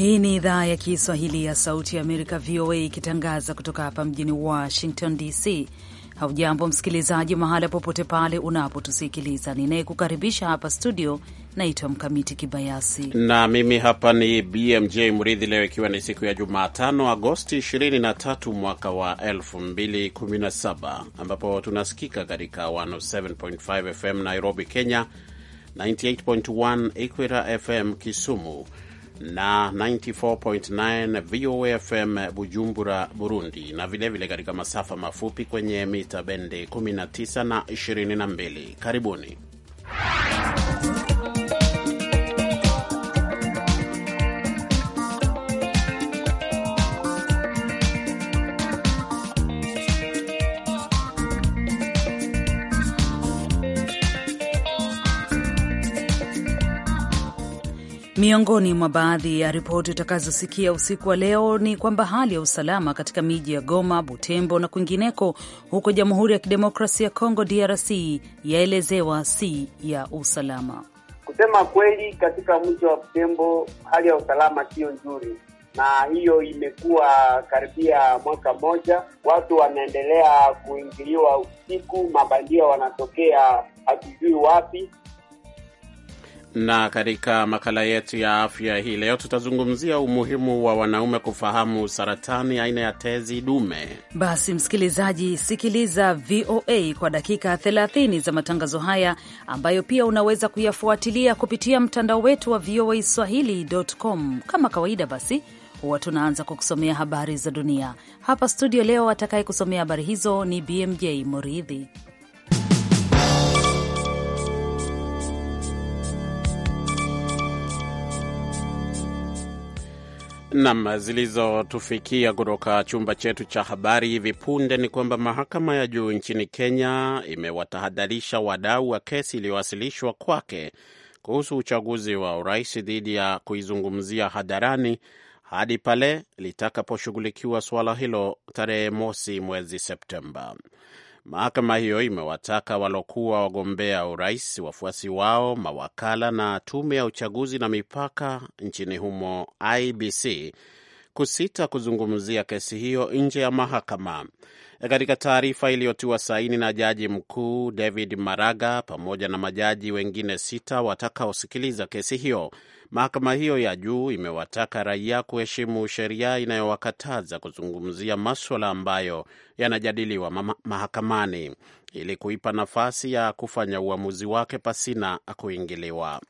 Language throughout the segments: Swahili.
Hii ni idhaa ya Kiswahili ya Sauti ya Amerika, VOA, ikitangaza kutoka hapa mjini Washington DC. Haujambo msikilizaji, mahala popote pale unapotusikiliza. Ninayekukaribisha hapa studio naitwa Mkamiti Kibayasi na mimi hapa ni BMJ Mridhi. Leo ikiwa ni siku ya Jumatano, Agosti 23 mwaka wa 2017, ambapo tunasikika katika 107.5 FM Nairobi, Kenya, 98.1 Equator FM Kisumu, na 94.9 VOA FM Bujumbura, Burundi, na vilevile katika masafa mafupi kwenye mita bende 19 na 22. Karibuni. Miongoni mwa baadhi ya ripoti utakazosikia usiku wa leo ni kwamba hali ya usalama katika miji ya Goma, Butembo na kwingineko huko Jamhuri ya Kidemokrasia ya Kongo, DRC, yaelezewa si ya usalama. Kusema kweli, katika mji wa Butembo hali ya usalama siyo nzuri, na hiyo imekuwa karibia mwaka mmoja. Watu wanaendelea kuingiliwa usiku, mabandia wanatokea hatujui wapi na katika makala yetu ya afya hii leo tutazungumzia umuhimu wa wanaume kufahamu saratani aina ya tezi dume. Basi msikilizaji, sikiliza VOA kwa dakika 30 za matangazo haya ambayo pia unaweza kuyafuatilia kupitia mtandao wetu wa VOA swahili.com. Kama kawaida, basi huwa tunaanza kwa kusomea habari za dunia hapa studio. Leo atakaye kusomea habari hizo ni BMJ Muridhi. Nam zilizotufikia kutoka chumba chetu cha habari hivi punde ni kwamba mahakama ya juu nchini Kenya imewatahadharisha wadau wa kesi iliyowasilishwa kwake kuhusu uchaguzi wa urais dhidi ya kuizungumzia hadharani hadi pale litakaposhughulikiwa suala hilo tarehe mosi mwezi Septemba. Mahakama hiyo imewataka walokuwa wagombea urais, wafuasi wao, mawakala na tume ya uchaguzi na mipaka nchini humo IBC kusita kuzungumzia kesi hiyo nje ya mahakama. E, katika taarifa iliyotiwa saini na jaji mkuu David Maraga pamoja na majaji wengine sita watakaosikiliza kesi hiyo, mahakama hiyo ya juu imewataka raia kuheshimu sheria inayowakataza kuzungumzia maswala ambayo yanajadiliwa mahakamani ili kuipa nafasi ya kufanya uamuzi wake pasina kuingiliwa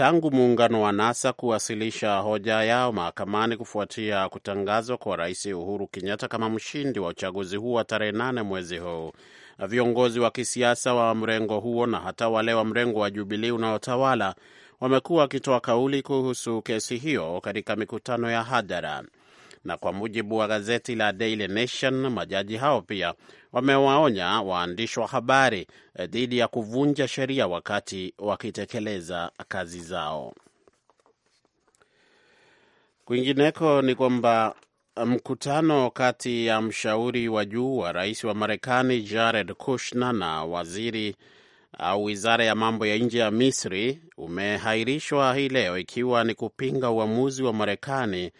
tangu muungano wa NASA kuwasilisha hoja yao mahakamani kufuatia kutangazwa kwa Rais Uhuru Kenyatta kama mshindi wa uchaguzi huu wa tarehe nane mwezi huu. Viongozi wa kisiasa wa mrengo huo na hata wale wa mrengo wa Jubilii unaotawala wamekuwa wakitoa kauli kuhusu kesi hiyo katika mikutano ya hadhara na kwa mujibu wa gazeti la Daily Nation, majaji hao pia wamewaonya waandishi wa habari eh, dhidi ya kuvunja sheria wakati wakitekeleza kazi zao. Kwingineko ni kwamba mkutano kati ya mshauri wa juu wa rais wa Marekani Jared Kushner na waziri au uh, wizara ya mambo ya nje ya Misri umehairishwa hii leo ikiwa ni kupinga uamuzi wa Marekani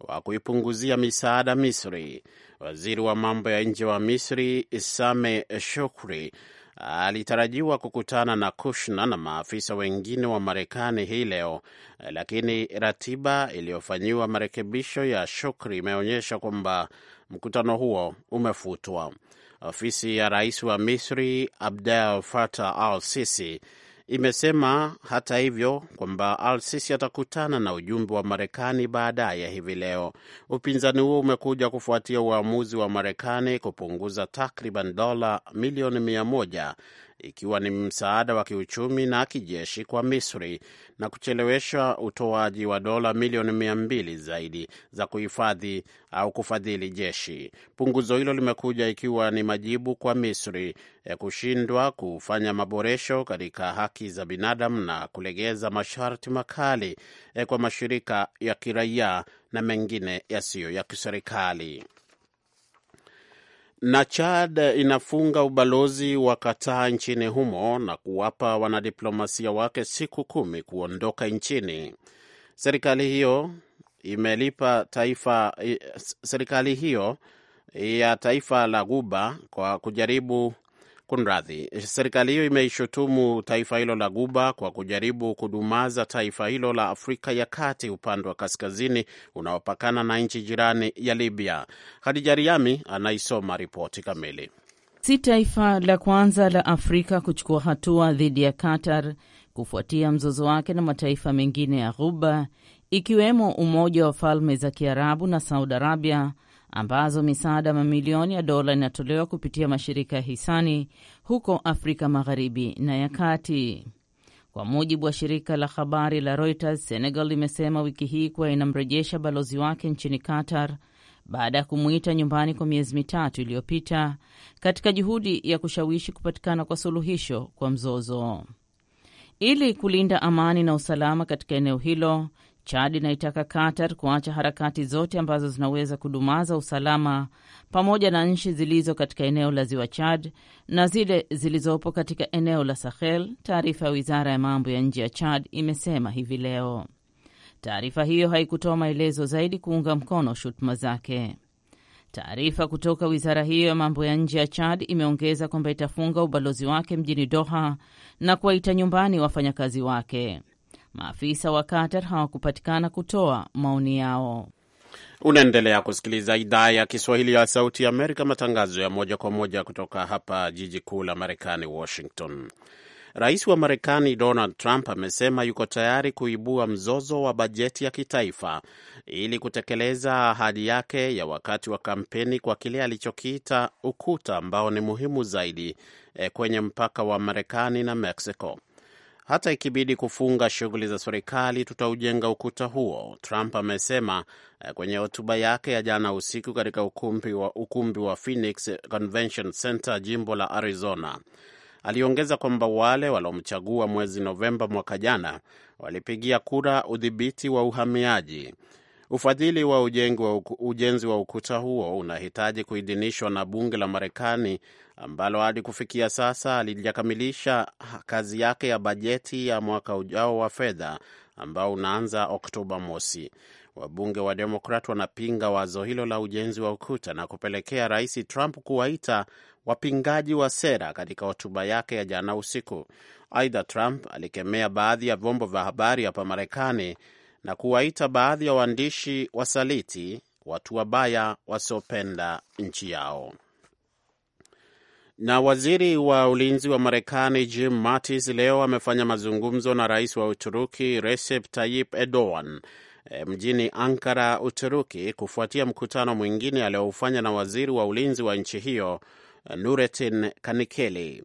wa kuipunguzia misaada Misri. Waziri wa mambo ya nje wa Misri same Shukri alitarajiwa kukutana na kushna na maafisa wengine wa Marekani hii leo, lakini ratiba iliyofanyiwa marekebisho ya Shukri imeonyesha kwamba mkutano huo umefutwa. Ofisi ya rais wa Misri Abdel Fattah al-Sisi imesema hata hivyo kwamba Al-Sisi atakutana na ujumbe wa Marekani baadaye hivi leo. Upinzani huo umekuja kufuatia uamuzi wa Marekani kupunguza takriban dola milioni mia moja ikiwa ni msaada wa kiuchumi na kijeshi kwa Misri na kuchelewesha utoaji wa dola milioni mia mbili zaidi za kuhifadhi au kufadhili jeshi. Punguzo hilo limekuja ikiwa ni majibu kwa Misri ya kushindwa kufanya maboresho katika haki za binadamu na kulegeza masharti makali e, kwa mashirika ya kiraia na mengine yasiyo ya kiserikali. Na Chad inafunga ubalozi wa Kataa nchini humo na kuwapa wanadiplomasia wake siku kumi kuondoka nchini. Serikali hiyo imelipa taifa serikali hiyo ya taifa la Guba kwa kujaribu Kunradhi, serikali hiyo imeishutumu taifa hilo la Guba kwa kujaribu kudumaza taifa hilo la Afrika ya Kati, upande wa kaskazini unaopakana na nchi jirani ya Libya. Hadija Riami anaisoma ripoti kamili. Si taifa la kwanza la Afrika kuchukua hatua dhidi ya Qatar kufuatia mzozo wake na mataifa mengine ya Ghuba, ikiwemo Umoja wa Falme za Kiarabu na Saudi Arabia ambazo misaada mamilioni ya dola inatolewa kupitia mashirika ya hisani huko Afrika Magharibi na ya Kati. Kwa mujibu wa shirika la habari la Reuters, Senegal imesema wiki hii kuwa inamrejesha balozi wake nchini Qatar baada ya kumwita nyumbani kwa miezi mitatu iliyopita katika juhudi ya kushawishi kupatikana kwa suluhisho kwa mzozo. Ili kulinda amani na usalama katika eneo hilo, Chad inaitaka Qatar kuacha harakati zote ambazo zinaweza kudumaza usalama pamoja na nchi zilizo katika eneo la ziwa Chad na zile zilizopo katika eneo la Sahel, taarifa ya wizara ya mambo ya nje ya Chad imesema hivi leo. Taarifa hiyo haikutoa maelezo zaidi kuunga mkono shutuma zake. Taarifa kutoka wizara hiyo ya mambo ya nje ya Chad imeongeza kwamba itafunga ubalozi wake mjini Doha na kuwaita nyumbani wafanyakazi wake. Maafisa wa Qatar hawakupatikana kutoa maoni yao. Unaendelea kusikiliza idhaa ya Kiswahili ya Sauti ya Amerika, matangazo ya moja kwa moja kutoka hapa jiji kuu la Marekani, Washington. Rais wa Marekani Donald Trump amesema yuko tayari kuibua mzozo wa bajeti ya kitaifa ili kutekeleza ahadi yake ya wakati wa kampeni kwa kile alichokiita ukuta ambao ni muhimu zaidi eh, kwenye mpaka wa Marekani na Mexico hata ikibidi kufunga shughuli za serikali, tutaujenga ukuta huo, Trump amesema eh, kwenye hotuba yake ya jana usiku katika ukumbi wa, ukumbi wa Phoenix Convention Center, jimbo la Arizona. Aliongeza kwamba wale waliomchagua mwezi Novemba mwaka jana walipigia kura udhibiti wa uhamiaji. Ufadhili wa ujenzi wa ukuta huo unahitaji kuidhinishwa na bunge la Marekani ambalo hadi kufikia sasa alijakamilisha kazi yake ya bajeti ya mwaka ujao wa fedha ambao unaanza Oktoba mosi. Wabunge wa Demokrat wanapinga wazo hilo la ujenzi wa ukuta na kupelekea Rais Trump kuwaita wapingaji wa sera katika hotuba yake ya jana usiku. Aidha, Trump alikemea baadhi ya vyombo vya habari hapa Marekani na kuwaita baadhi ya waandishi wasaliti, watu wabaya wasiopenda nchi yao. Na waziri wa ulinzi wa Marekani Jim Mattis leo amefanya mazungumzo na rais wa Uturuki Recep Tayyip Erdogan eh, mjini Ankara, Uturuki, kufuatia mkutano mwingine aliyoufanya na waziri wa ulinzi wa nchi hiyo eh, nuretin Kanikeli.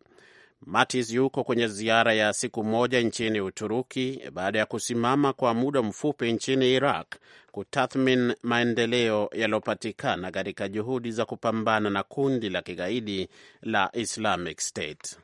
Mattis yuko kwenye ziara ya siku moja nchini Uturuki baada ya kusimama kwa muda mfupi nchini Iraq kutathmin maendeleo yaliyopatikana katika juhudi za kupambana na kundi la kigaidi la Islamic State.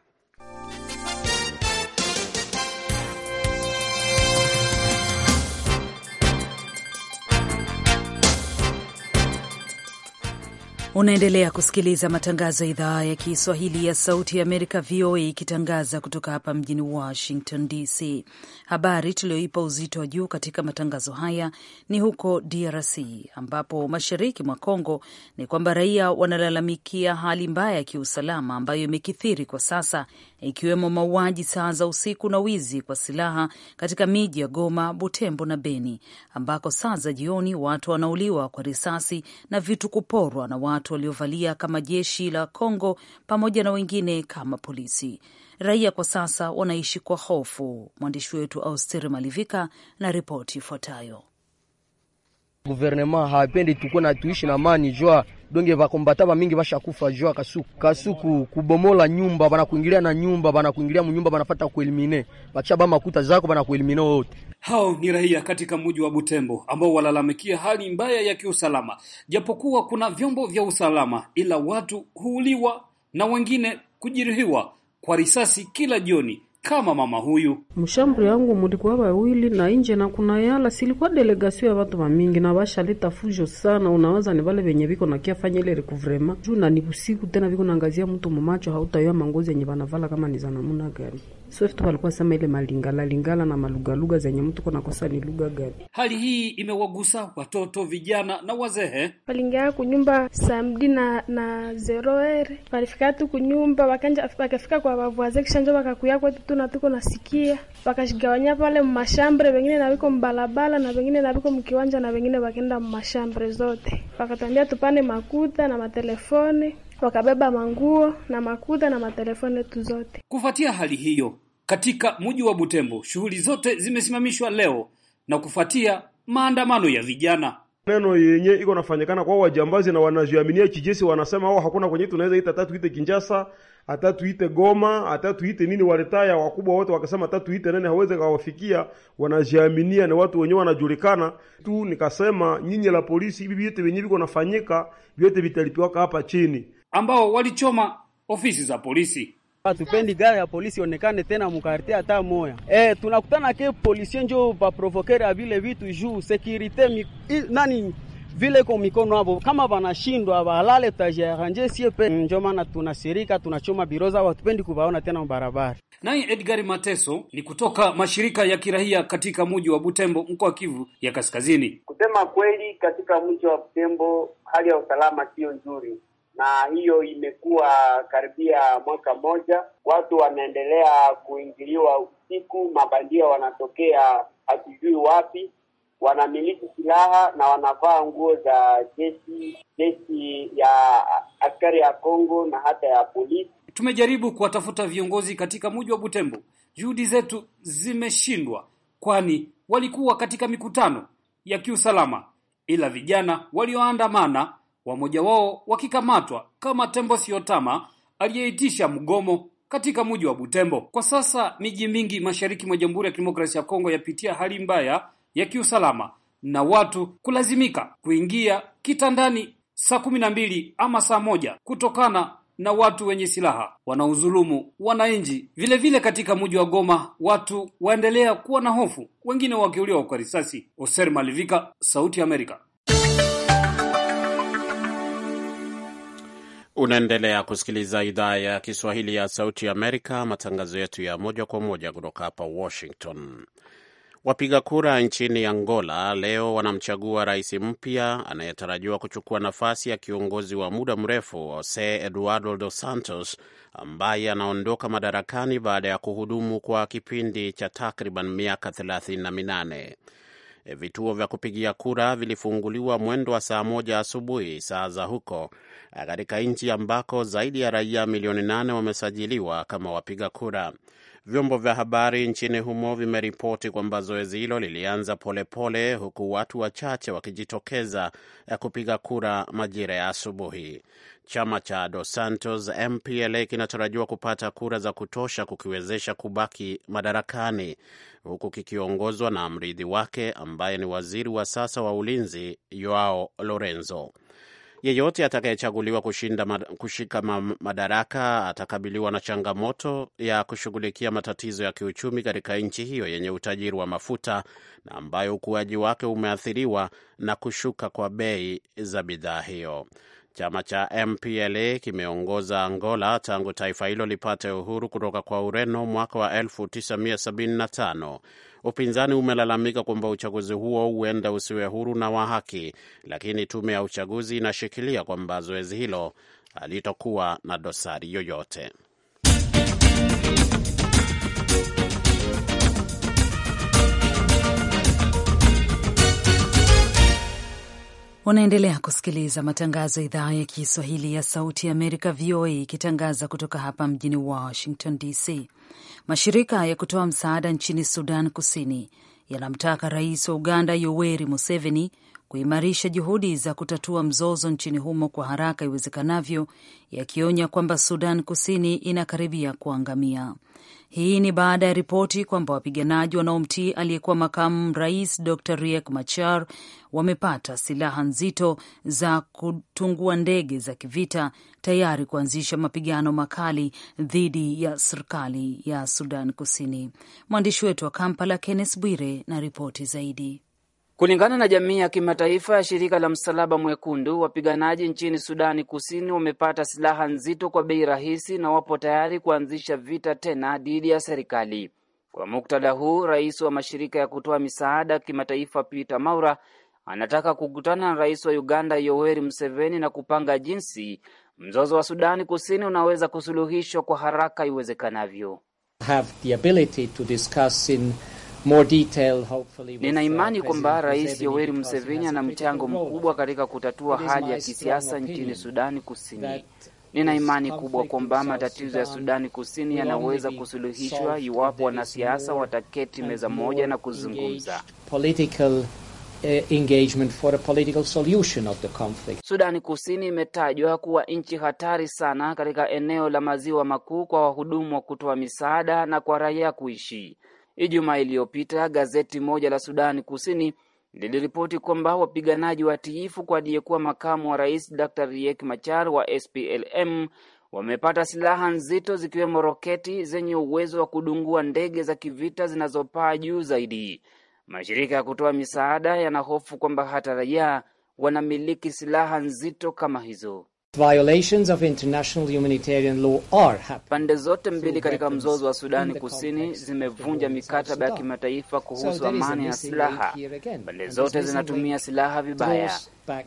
Unaendelea kusikiliza matangazo ya idhaa ya Kiswahili ya Sauti ya Amerika, VOA, ikitangaza kutoka hapa mjini Washington DC. Habari tuliyoipa uzito wa juu katika matangazo haya ni huko DRC, ambapo mashariki mwa congo ni kwamba raia wanalalamikia hali mbaya ya kiusalama ambayo imekithiri kwa sasa, ikiwemo mauaji saa za usiku na wizi kwa silaha katika miji ya Goma, Butembo na Beni, ambako saa za jioni watu wanauliwa kwa risasi na vitu kuporwa na watu watu waliovalia kama jeshi la Kongo pamoja na wengine kama polisi. Raia kwa sasa wanaishi kwa hofu. Mwandishi wetu Austeri Malivika na ripoti ifuatayo. Guvernema hapendi tuko na tuishi na mani jua donge vakombata va mingi vashakufa jua kasuku kasuku kubomola nyumba vanakuingilia na nyumba vanakuingilia munyumba vanafata kuelimine vakisha ba makuta zako vanakuelimine wote. Hao ni raia katika muji wa Butembo ambao walalamikia hali mbaya ya kiusalama, japokuwa kuna vyombo vya usalama, ila watu huuliwa na wengine kujeruhiwa kwa risasi kila jioni kama mama huyu mshamburi yangu mulikuwa wawili na inje na kuna yala silikuwa delegasio ya watu wamingi na washaleta fujo sana. Unawaza ni vale venye viko na kiafanya ile recouvrement juu na ni usiku tena viko naangazia mtu mumacho, hautayua mangozi yenye vanavala kama ni za namuna gani. Swift walikuwa sema ile malingala lingala na malugalugha zenye mtu kuna kosa ni lugha gani? Hali hii imewagusa watoto, vijana na wazee. Walingia kunyumba samdi na na zeroer walifika tu kunyumba wakanja wakafika kwa wavuaze kishanjo wakakuya kwetu tu na tuko nasikia wakashigawanya pale mmashambre wengine na wiko mbalabala na wengine na wiko mkiwanja na wengine wakaenda mmashambre zote wakatambia tupane makuta na matelefoni wakabeba manguo na makuda na matelefoni tu zote. Kufuatia hali hiyo, katika mji wa Butembo shughuli zote zimesimamishwa leo na kufuatia maandamano ya vijana neno yenye iko nafanyikana kwa wajambazi na wanajiaminia kijesi, wanasema wao oh, hakuna kwenye tunaweza ita tatu ite Kinshasa, hata tuite Goma, hata tuite nini, waletaya wakubwa wote wakasema hata tuite nani haweze kawafikia. Wanajiaminia na watu wenyewe wanajulikana tu. Nikasema nyinyi la polisi, hivi vyote venye viko nafanyika vyote vitalipiwa hapa chini ambao walichoma ofisi za polisi. Hatupendi gari ya polisi onekane tena mukarte hata moya. E, tunakutana ke polisi njo baprovokere vile vitu juu sekirite mi, nani vile ko mikono hapo kama vanashindwa balale tajaranje sie pe njo maana tunasirika tunachoma biroza watupendi kubaona tena mbarabara. Naye Edgar Mateso ni kutoka mashirika ya kirahia katika muji wa Butembo mkoa Kivu ya Kaskazini. Kusema kweli, katika mji wa Butembo hali ya usalama sio nzuri na hiyo imekuwa karibia mwaka mmoja. Watu wanaendelea kuingiliwa usiku, mabandia wanatokea hatujui wapi, wanamiliki silaha na wanavaa nguo za jeshi jeshi ya askari ya Kongo na hata ya polisi. Tumejaribu kuwatafuta viongozi katika mji wa Butembo, juhudi zetu zimeshindwa, kwani walikuwa katika mikutano ya kiusalama, ila vijana walioandamana wamoja wao wakikamatwa kama Tembo Siotama aliyeitisha mgomo katika mji wa Butembo. Kwa sasa miji mingi mashariki mwa Jamhuri ya Kidemokrasia ya Kongo yapitia hali mbaya ya kiusalama na watu kulazimika kuingia kitandani saa kumi na mbili ama saa moja kutokana na watu wenye silaha wanaodhulumu wananchi. Vilevile katika mji wa Goma watu waendelea kuwa na hofu, wengine wakiuliwa kwa risasi. Oser Malivika, Sauti ya Amerika. Unaendelea kusikiliza idhaa ya Kiswahili ya Sauti ya Amerika, matangazo yetu ya moja kwa moja kutoka hapa Washington. Wapiga kura nchini Angola leo wanamchagua rais mpya anayetarajiwa kuchukua nafasi ya kiongozi wa muda mrefu Jose Eduardo Dos Santos ambaye anaondoka madarakani baada ya kuhudumu kwa kipindi cha takriban miaka 38 vituo vya kupigia kura vilifunguliwa mwendo wa saa moja asubuhi saa za huko, katika nchi ambako zaidi ya raia milioni nane wamesajiliwa kama wapiga kura. Vyombo vya habari nchini humo vimeripoti kwamba zoezi hilo lilianza polepole pole, huku watu wachache wakijitokeza ya eh, kupiga kura majira ya asubuhi. Chama cha Dos Santos MPLA kinatarajiwa kupata kura za kutosha kukiwezesha kubaki madarakani huku kikiongozwa na mrithi wake ambaye ni waziri wa sasa wa ulinzi Joao Lorenzo. Yeyote atakayechaguliwa kushinda kushika madaraka atakabiliwa na changamoto ya kushughulikia matatizo ya kiuchumi katika nchi hiyo yenye utajiri wa mafuta na ambayo ukuaji wake umeathiriwa na kushuka kwa bei za bidhaa hiyo. Chama cha MPLA kimeongoza Angola tangu taifa hilo lipate uhuru kutoka kwa Ureno mwaka wa 1975. Upinzani umelalamika kwamba uchaguzi huo huenda usiwe huru na wa haki, lakini tume ya uchaguzi inashikilia kwamba zoezi hilo halitokuwa na dosari yoyote. Unaendelea kusikiliza matangazo ya idhaa ya Kiswahili ya Sauti ya Amerika, VOA, ikitangaza kutoka hapa mjini Washington DC. Mashirika ya kutoa msaada nchini Sudan Kusini yanamtaka rais wa Uganda Yoweri Museveni kuimarisha juhudi za kutatua mzozo nchini humo kwa haraka iwezekanavyo, yakionya kwamba Sudan Kusini inakaribia kuangamia. Hii ni baada ya ripoti kwamba wapiganaji wanaomtii aliyekuwa makamu rais Dr Riek Machar wamepata silaha nzito za kutungua ndege za kivita tayari kuanzisha mapigano makali dhidi ya serikali ya Sudan Kusini. Mwandishi wetu wa Kampala, Kenneth Bwire, na ripoti zaidi. Kulingana na jamii ya kimataifa ya shirika la Msalaba Mwekundu, wapiganaji nchini Sudani Kusini wamepata silaha nzito kwa bei rahisi na wapo tayari kuanzisha vita tena dhidi ya serikali. Kwa muktadha huu, rais wa mashirika ya kutoa misaada kimataifa Peter Maura anataka kukutana na rais wa Uganda Yoweri Museveni na kupanga jinsi mzozo wa Sudani Kusini unaweza kusuluhishwa kwa haraka iwezekanavyo. Uh, Nina imani kwamba Rais Yoweri Museveni ana mchango mkubwa katika kutatua hali ya kisiasa nchini Sudani Kusini. Nina imani kubwa kwamba matatizo ya Sudani Kusini yanaweza kusuluhishwa iwapo wanasiasa wataketi meza moja na kuzungumza. Eh, engagement for a political solution of the conflict. Sudani Kusini imetajwa kuwa nchi hatari sana katika eneo la maziwa makuu kwa wahudumu wa kutoa misaada na kwa raia kuishi. Ijumaa iliyopita gazeti moja la Sudani Kusini liliripoti kwamba wapiganaji watiifu kwa aliyekuwa makamu wa rais Dr. Riek Machar wa SPLM wamepata silaha nzito zikiwemo roketi zenye uwezo wa kudungua ndege za kivita zinazopaa juu zaidi. Mashirika ya kutoa misaada yanahofu kwamba hata raia wanamiliki silaha nzito kama hizo. Violations of international humanitarian law are happening. Pande zote mbili katika mzozo wa Sudani Kusini zimevunja mikataba ya kimataifa kuhusu amani na silaha. Pande zote zinatumia silaha vibaya.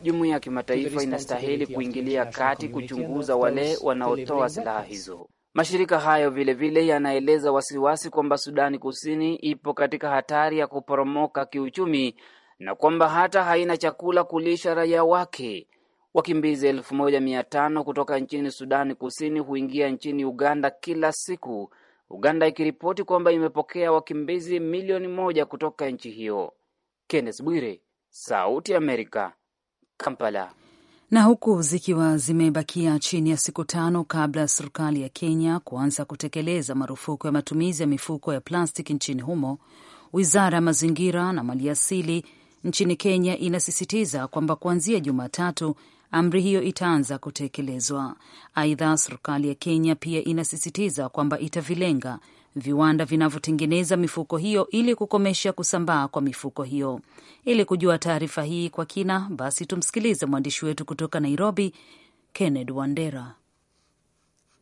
Jumuiya ya kimataifa inastahili kuingilia kati kuchunguza wale wanaotoa silaha hizo. Mashirika hayo vilevile yanaeleza wasiwasi kwamba Sudani Kusini ipo katika hatari ya kuporomoka kiuchumi na kwamba hata haina chakula kulisha raia wake. Wakimbizi elfu moja mia tano kutoka nchini Sudani Kusini huingia nchini Uganda kila siku, Uganda ikiripoti kwamba imepokea wakimbizi milioni moja kutoka nchi hiyo. Kenneth Bwire, Sauti ya Amerika, Kampala. Na huku zikiwa zimebakia chini ya siku tano kabla ya serikali ya Kenya kuanza kutekeleza marufuku ya matumizi ya mifuko ya plastiki nchini humo, wizara ya mazingira na maliasili nchini Kenya inasisitiza kwamba kuanzia Jumatatu amri hiyo itaanza kutekelezwa. Aidha, serikali ya Kenya pia inasisitiza kwamba itavilenga viwanda vinavyotengeneza mifuko hiyo ili kukomesha kusambaa kwa mifuko hiyo. Ili kujua taarifa hii kwa kina, basi tumsikilize mwandishi wetu kutoka Nairobi, Kenneth Wandera.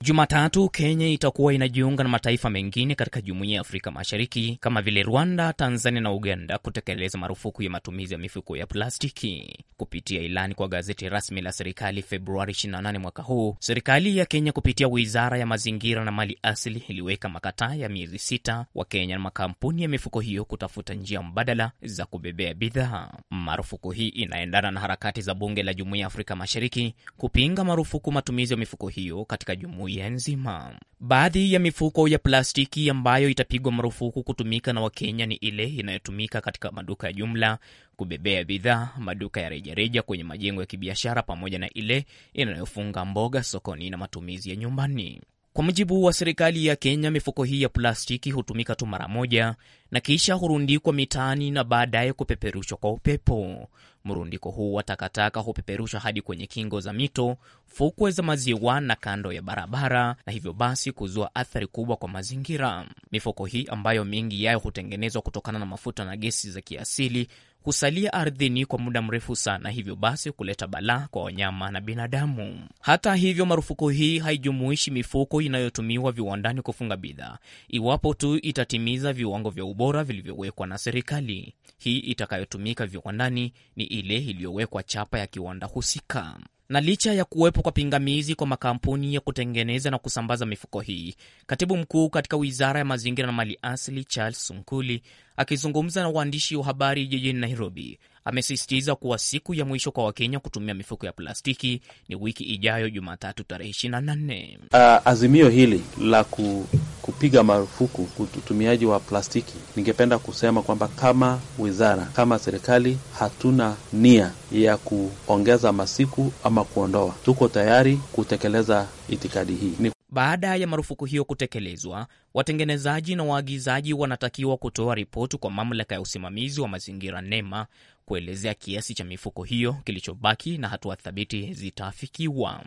Jumatatu Kenya itakuwa inajiunga na mataifa mengine katika jumuiya ya Afrika Mashariki kama vile Rwanda, Tanzania na Uganda kutekeleza marufuku ya matumizi ya mifuko ya plastiki. Kupitia ilani kwa gazeti rasmi la serikali Februari 28 mwaka huu, serikali ya Kenya kupitia wizara ya mazingira na mali asili iliweka makataa ya miezi sita kenya na makampuni ya mifuko hiyo kutafuta njia mbadala za kubebea bidhaa. Marufuku hii inaendana na harakati za bunge la jumuiya ya Afrika Mashariki kupinga marufuku matumizi ya mifuko hiyo katika jumuiya jumuiya nzima. Baadhi ya mifuko ya plastiki ambayo itapigwa marufuku kutumika na Wakenya ni ile inayotumika katika maduka ya jumla, kubebea bidhaa, maduka ya rejareja, kwenye majengo ya kibiashara, pamoja na ile inayofunga mboga sokoni na matumizi ya nyumbani. Kwa mujibu wa serikali ya Kenya, mifuko hii ya plastiki hutumika tu mara moja na kisha hurundikwa mitaani na baadaye kupeperushwa kwa upepo. Mrundiko huu wa takataka hupeperushwa hadi kwenye kingo za mito, fukwe za maziwa na kando ya barabara, na hivyo basi kuzua athari kubwa kwa mazingira. Mifuko hii ambayo mingi yayo hutengenezwa kutokana na mafuta na gesi za kiasili kusalia ardhini kwa muda mrefu sana, hivyo basi kuleta balaa kwa wanyama na binadamu. Hata hivyo, marufuku hii haijumuishi mifuko inayotumiwa viwandani kufunga bidhaa, iwapo tu itatimiza viwango vya ubora vilivyowekwa na serikali. Hii itakayotumika viwandani ni ile iliyowekwa chapa ya kiwanda husika na licha ya kuwepo kwa pingamizi kwa makampuni ya kutengeneza na kusambaza mifuko hii, katibu mkuu katika wizara ya mazingira na mali asili Charles Sunkuli Akizungumza na waandishi wa habari jijini Nairobi, amesisitiza kuwa siku ya mwisho kwa Wakenya kutumia mifuko ya plastiki ni wiki ijayo Jumatatu tarehe 24. Uh, azimio hili la ku, kupiga marufuku utumiaji wa plastiki, ningependa kusema kwamba kama wizara, kama serikali, hatuna nia ya kuongeza masiku ama kuondoa. Tuko tayari kutekeleza itikadi hii ni baada ya marufuku hiyo kutekelezwa, watengenezaji na waagizaji wanatakiwa kutoa ripoti kwa mamlaka ya usimamizi wa mazingira NEMA kuelezea kiasi cha mifuko hiyo kilichobaki na hatua thabiti zitafikiwa.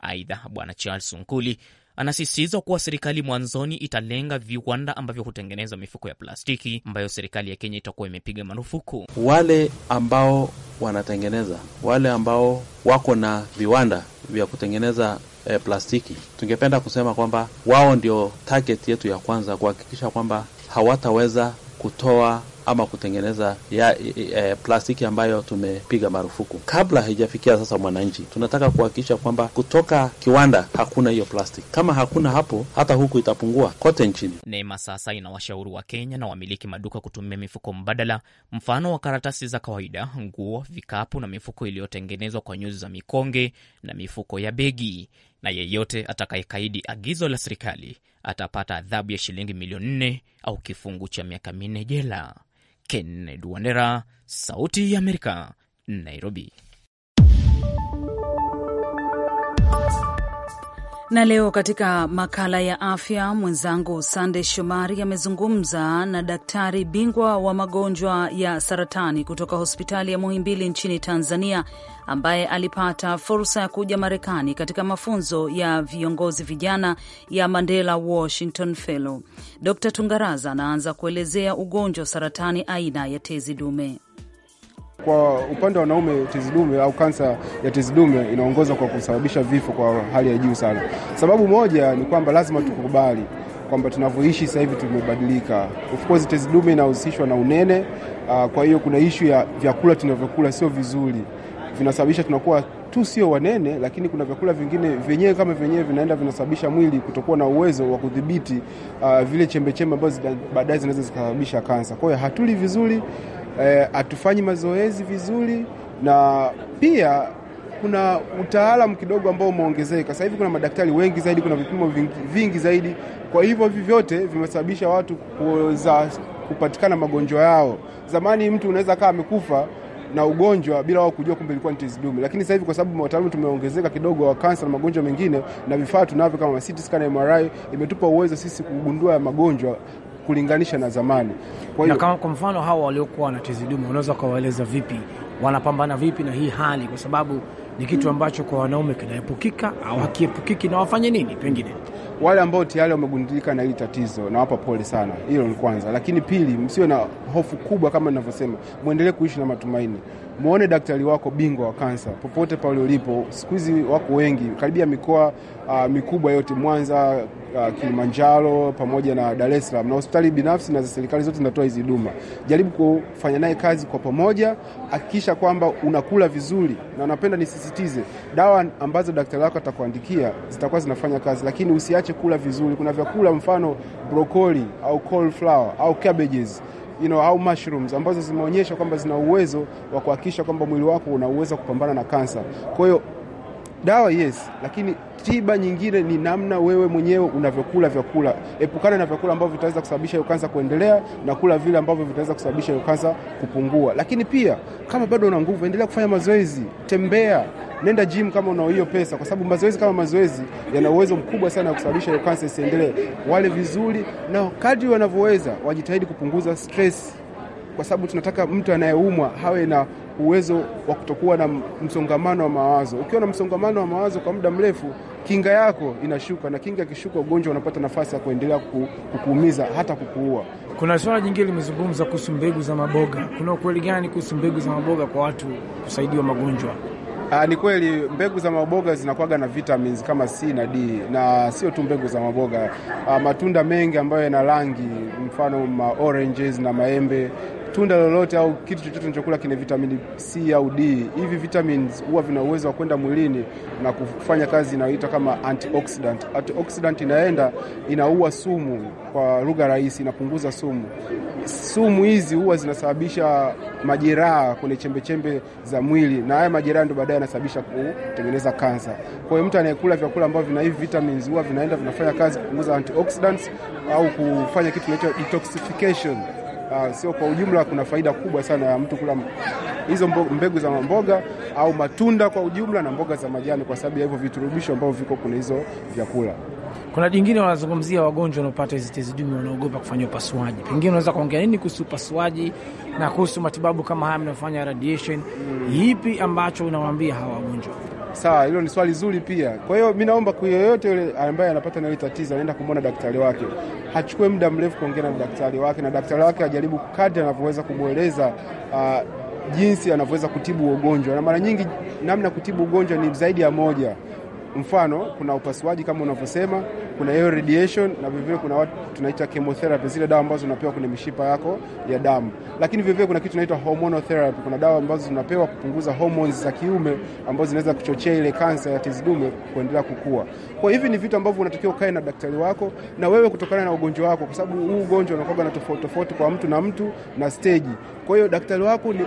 Aidha, Bwana Charles Nkuli anasisitiza kuwa serikali mwanzoni italenga viwanda ambavyo hutengeneza mifuko ya plastiki ambayo serikali ya Kenya itakuwa imepiga marufuku. Wale ambao wanatengeneza, wale ambao wako na viwanda vya kutengeneza e, plastiki. Tungependa kusema kwamba wao ndio target yetu ya kwanza, kuhakikisha kwamba hawataweza kutoa ama kutengeneza ya, e, plastiki ambayo tumepiga marufuku kabla haijafikia sasa mwananchi. Tunataka kuhakikisha kwamba kutoka kiwanda hakuna hiyo plastiki. Kama hakuna hapo, hata huku itapungua kote nchini. Neema sasa inawashauri wa Kenya na wamiliki maduka kutumia mifuko mbadala, mfano wa karatasi za kawaida, nguo, vikapu na mifuko iliyotengenezwa kwa nyuzi za mikonge na mifuko ya begi na yeyote atakayekaidi agizo la serikali atapata adhabu ya shilingi milioni nne au kifungu cha miaka minne jela. Kennedy Wandera, Sauti ya Amerika, Nairobi. Na leo katika makala ya afya, mwenzangu Sande Shomari amezungumza na daktari bingwa wa magonjwa ya saratani kutoka hospitali ya Muhimbili nchini Tanzania, ambaye alipata fursa ya kuja Marekani katika mafunzo ya viongozi vijana ya Mandela Washington Fellow. Dr Tungaraza anaanza kuelezea ugonjwa wa saratani aina ya tezi dume. Kwa upande wa wanaume, tizidume au kansa ya tizidume inaongoza kwa kusababisha vifo kwa hali ya juu sana. Sababu moja ni kwamba lazima tukubali kwamba tunavyoishi sasa hivi tumebadilika. Of course tizidume inahusishwa na unene. Uh, kwa hiyo kuna ishu ya vyakula tunavyokula sio vizuri, vinasababisha tunakuwa tu sio wanene, lakini kuna vyakula vingine vyenyewe kama vyenyewe vinaenda vinasababisha mwili kutokuwa na uwezo wa kudhibiti uh, vile chembechembe ambazo baadaye zinaweza zikasababisha kansa. Kwa hiyo hatuli vizuri Eh, hatufanyi eh, mazoezi vizuri, na pia kuna utaalamu kidogo ambao umeongezeka. Sasa hivi kuna madaktari wengi zaidi, kuna vipimo vingi, vingi zaidi. Kwa hivyo hivi vyote vimesababisha watu kuza kupatikana magonjwa yao. Zamani mtu unaweza kaa amekufa na ugonjwa bila wao kujua, kumbe ilikuwa ni tezi dume. Lakini sasa hivi kwa sababu wataalamu tumeongezeka kidogo wa kansa na magonjwa mengine, na vifaa tunavyo kama CT scan na MRI, imetupa uwezo sisi kugundua magonjwa kulinganisha na zamani. Kwa hiyo, na kama kwa mfano hawa waliokuwa wanatizidumu unaweza kuwaeleza vipi, wanapambana vipi na hii hali, kwa sababu ni kitu ambacho kwa wanaume kinaepukika au hakiepukiki, na wafanye nini? Pengine wale ambao tayari wamegundulika na hili tatizo, nawapa pole sana. Hilo ni kwanza, lakini pili, msiwe na hofu kubwa, kama ninavyosema, mwendelee kuishi na matumaini muone daktari wako bingwa wa kansa popote pale ulipo. Siku hizi wako wengi karibia mikoa uh, mikubwa yote Mwanza, uh, Kilimanjaro pamoja na Dar es Salaam, na hospitali binafsi na za serikali zote zinatoa hizi huduma. Jaribu kufanya naye kazi kwa pamoja, hakikisha kwamba unakula vizuri, na napenda nisisitize, dawa ambazo daktari wako atakuandikia zitakuwa zinafanya kazi, lakini usiache kula vizuri. Kuna vyakula mfano brokoli au cauliflower au cabbages you know, au mushrooms ambazo zimeonyesha kwamba zina uwezo wa kuhakikisha kwamba mwili wako unauweza kupambana na kansa. Kwa hiyo dawa yes, lakini tiba nyingine ni namna wewe mwenyewe unavyokula vyakula. Epukana na vyakula ambavyo vitaweza kusababisha hiyo kansa kuendelea na kula vile ambavyo vitaweza kusababisha hiyo kansa kupungua. Lakini pia kama bado una nguvu, endelea kufanya mazoezi, tembea, nenda gym kama una hiyo pesa, kwa sababu mazoezi kama mazoezi yana uwezo mkubwa sana wa kusababisha hiyo kansa isiendelee. Wale vizuri na kadri wanavyoweza wajitahidi kupunguza stress, kwa sababu tunataka mtu anayeumwa hawe na uwezo wa kutokuwa na msongamano wa mawazo. Ukiwa na msongamano wa mawazo kwa muda mrefu, kinga yako inashuka, na kinga ikishuka, ugonjwa unapata nafasi ya kuendelea kukuumiza hata kukuua. Kuna swala jingine limezungumza kuhusu mbegu za maboga. Kuna ukweli gani kuhusu mbegu za maboga kwa watu kusaidiwa magonjwa? Aa, ah, ni kweli mbegu za maboga zinakuwaga na vitamins kama C na D, na sio tu mbegu za maboga. Aa, ah, matunda mengi ambayo yana rangi, mfano ma oranges na maembe tunda lolote au kitu chochote tunachokula kina vitamini C au D. Hivi vitamins huwa vina uwezo wa kwenda mwilini na kufanya kazi inayoitwa kama antioxidant. Antioxidant inaenda inaua sumu, kwa lugha rahisi, inapunguza sumu. Sumu hizi huwa zinasababisha majeraha kwenye chembechembe za mwili, na haya majeraha ndio baadaye yanasababisha kutengeneza kansa. Kwa hiyo mtu anayekula vyakula ambavyo vina hivi vitamins huwa vinaenda vinafanya kazi kupunguza antioxidants au kufanya kitu kinaitwa detoxification uh, sio kwa ujumla. Kuna faida kubwa sana ya mtu kula hizo mbegu za mboga au matunda kwa ujumla na mboga za majani, kwa sababu ya hivyo viturubisho ambavyo viko kwenye hizo vyakula. Kuna jingine wanazungumzia wagonjwa wanaopata hizi tezi dume wanaogopa kufanya upasuaji. Pengine unaweza kuongea nini kuhusu upasuaji na kuhusu matibabu kama haya mnayofanya radiation? Yipi hmm. ambacho unawaambia hawa wagonjwa? Sawa, hilo ni swali zuri pia. Kwa hiyo mi naomba kwa yeyote yule ambaye anapata na tatizo anaenda kumwona daktari wake, hachukue muda mrefu kuongea na daktari wake, na daktari wake ajaribu kadri anavyoweza kumweleza uh, ah, jinsi anavyoweza kutibu ugonjwa, na mara nyingi namna ya kutibu ugonjwa ni zaidi ya moja. Mfano, kuna upasuaji kama unavyosema, kuna hiyo radiation na vivyo kuna watu tunaita chemotherapy, zile dawa ambazo unapewa kwenye mishipa yako ya damu. Lakini vivyo kuna kitu tunaita hormonal therapy, kuna dawa ambazo zinapewa kupunguza hormones za kiume ambazo zinaweza kuchochea ile kansa ya tezi dume kuendelea kukua. Kwa hivi ni vitu ambavyo unatakiwa ukae na daktari wako na wewe, kutokana na ugonjwa wako, kwa sababu huu ugonjwa unakuwa na tofauti tofauti kwa mtu na mtu na stage. Kwa hiyo daktari wako ni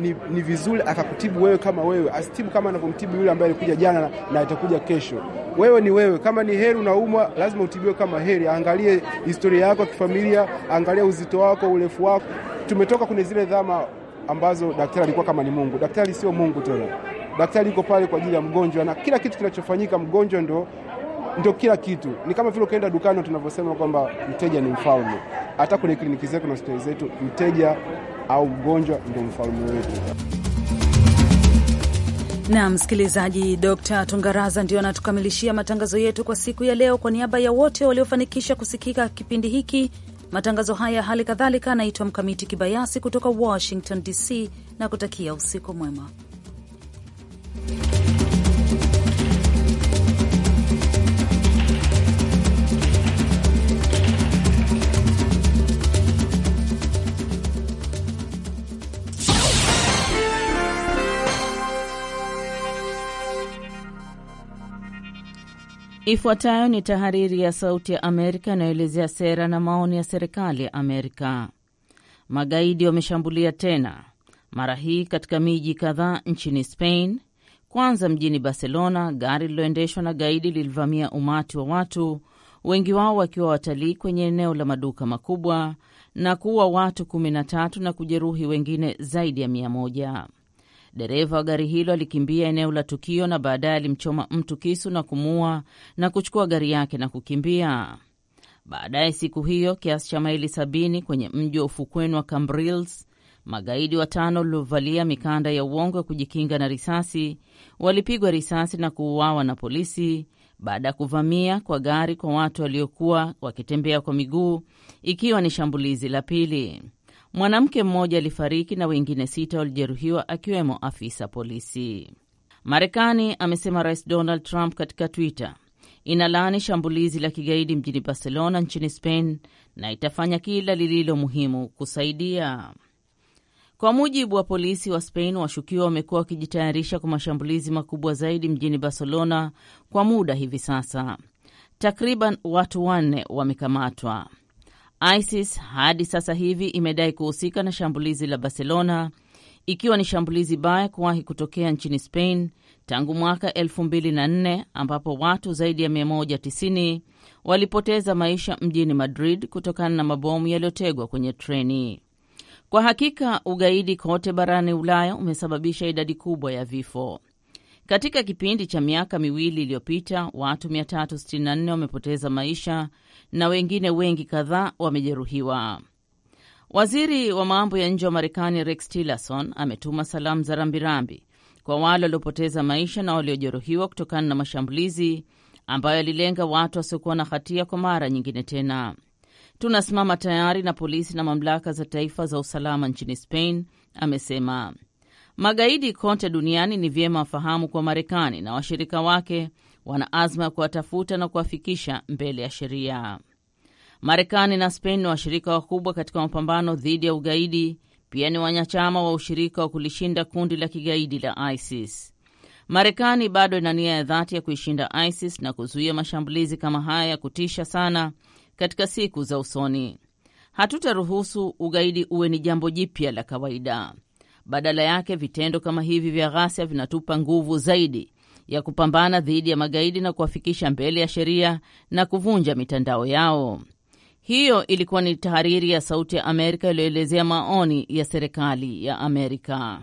ni, ni vizuri akakutibu wewe kama wewe, asitibu kama anavyomtibu yule ambaye alikuja jana na, atakuja kesho. Wewe ni wewe, kama ni heri unaumwa, lazima utibiwe kama heri. Angalie historia yako ya kifamilia, angalia uzito wako, urefu wako. Tumetoka kwenye zile dhama ambazo daktari alikuwa kama ni Mungu. Daktari sio Mungu tena, daktari yuko pale kwa ajili ya mgonjwa, na kila kitu kinachofanyika mgonjwa ndo ndio kila kitu. Ni kama vile ukienda dukani tunavyosema kwamba mteja ni mfalme. Hata kwenye kliniki zetu na hospitali zetu, mteja au mgonjwa ndio mfalme wetu. Na msikilizaji, Dr Tungaraza ndio anatukamilishia matangazo yetu kwa siku ya leo. Kwa niaba ya wote waliofanikisha kusikika kipindi hiki, matangazo haya, hali kadhalika, anaitwa Mkamiti Kibayasi kutoka Washington DC na kutakia usiku mwema. Ifuatayo ni tahariri ya Sauti ya Amerika inayoelezea sera na maoni ya serikali ya Amerika. Magaidi wameshambulia tena, mara hii katika miji kadhaa nchini Spain. Kwanza mjini Barcelona, gari lililoendeshwa na gaidi lilivamia umati wa watu, wengi wao wakiwa watalii kwenye eneo la maduka makubwa na kuua watu 13 na kujeruhi wengine zaidi ya mia moja. Dereva wa gari hilo alikimbia eneo la tukio na baadaye alimchoma mtu kisu na kumuua na kuchukua gari yake na kukimbia. Baadaye siku hiyo, kiasi cha maili sabini kwenye mji wa ufukweni wa Cambrils, magaidi watano waliovalia mikanda ya uongo ya kujikinga na risasi walipigwa risasi na kuuawa na polisi baada ya kuvamia kwa gari kwa watu waliokuwa wakitembea kwa miguu, ikiwa ni shambulizi la pili. Mwanamke mmoja alifariki na wengine sita walijeruhiwa akiwemo afisa polisi. Marekani, amesema Rais Donald Trump katika Twitter, inalaani shambulizi la kigaidi mjini Barcelona nchini Spain na itafanya kila lililo muhimu kusaidia. Kwa mujibu wa polisi wa Spain, washukiwa wamekuwa wakijitayarisha kwa mashambulizi makubwa zaidi mjini Barcelona kwa muda hivi sasa. Takriban watu wanne wamekamatwa. ISIS hadi sasa hivi imedai kuhusika na shambulizi la Barcelona, ikiwa ni shambulizi baya kuwahi kutokea nchini Spain tangu mwaka 2004 ambapo watu zaidi ya 190 walipoteza maisha mjini Madrid kutokana na mabomu yaliyotegwa kwenye treni. Kwa hakika ugaidi kote barani Ulaya umesababisha idadi kubwa ya vifo. Katika kipindi cha miaka miwili iliyopita, watu 364 wamepoteza maisha na wengine wengi kadhaa wamejeruhiwa. Waziri wa mambo ya nje wa Marekani Rex Tillerson ametuma salamu za rambirambi kwa wale waliopoteza maisha na waliojeruhiwa kutokana na mashambulizi ambayo yalilenga watu wasiokuwa na hatia kwa mara nyingine tena. Tunasimama tayari na polisi na mamlaka za taifa za usalama nchini Spain, amesema. Magaidi kote duniani ni vyema wafahamu kuwa Marekani na washirika wake wana azma ya kuwatafuta na kuwafikisha mbele ya sheria. Marekani na Spain ni washirika wakubwa katika mapambano dhidi ya ugaidi, pia ni wanachama wa ushirika wa kulishinda kundi la kigaidi la ISIS. Marekani bado ina nia ya dhati ya kuishinda ISIS na kuzuia mashambulizi kama haya ya kutisha sana katika siku za usoni. Hatutaruhusu ugaidi uwe ni jambo jipya la kawaida. Badala yake vitendo kama hivi vya ghasia vinatupa nguvu zaidi ya kupambana dhidi ya magaidi na kuwafikisha mbele ya sheria na kuvunja mitandao yao. Hiyo ilikuwa ni tahariri ya Sauti ya Amerika iliyoelezea maoni ya serikali ya Amerika.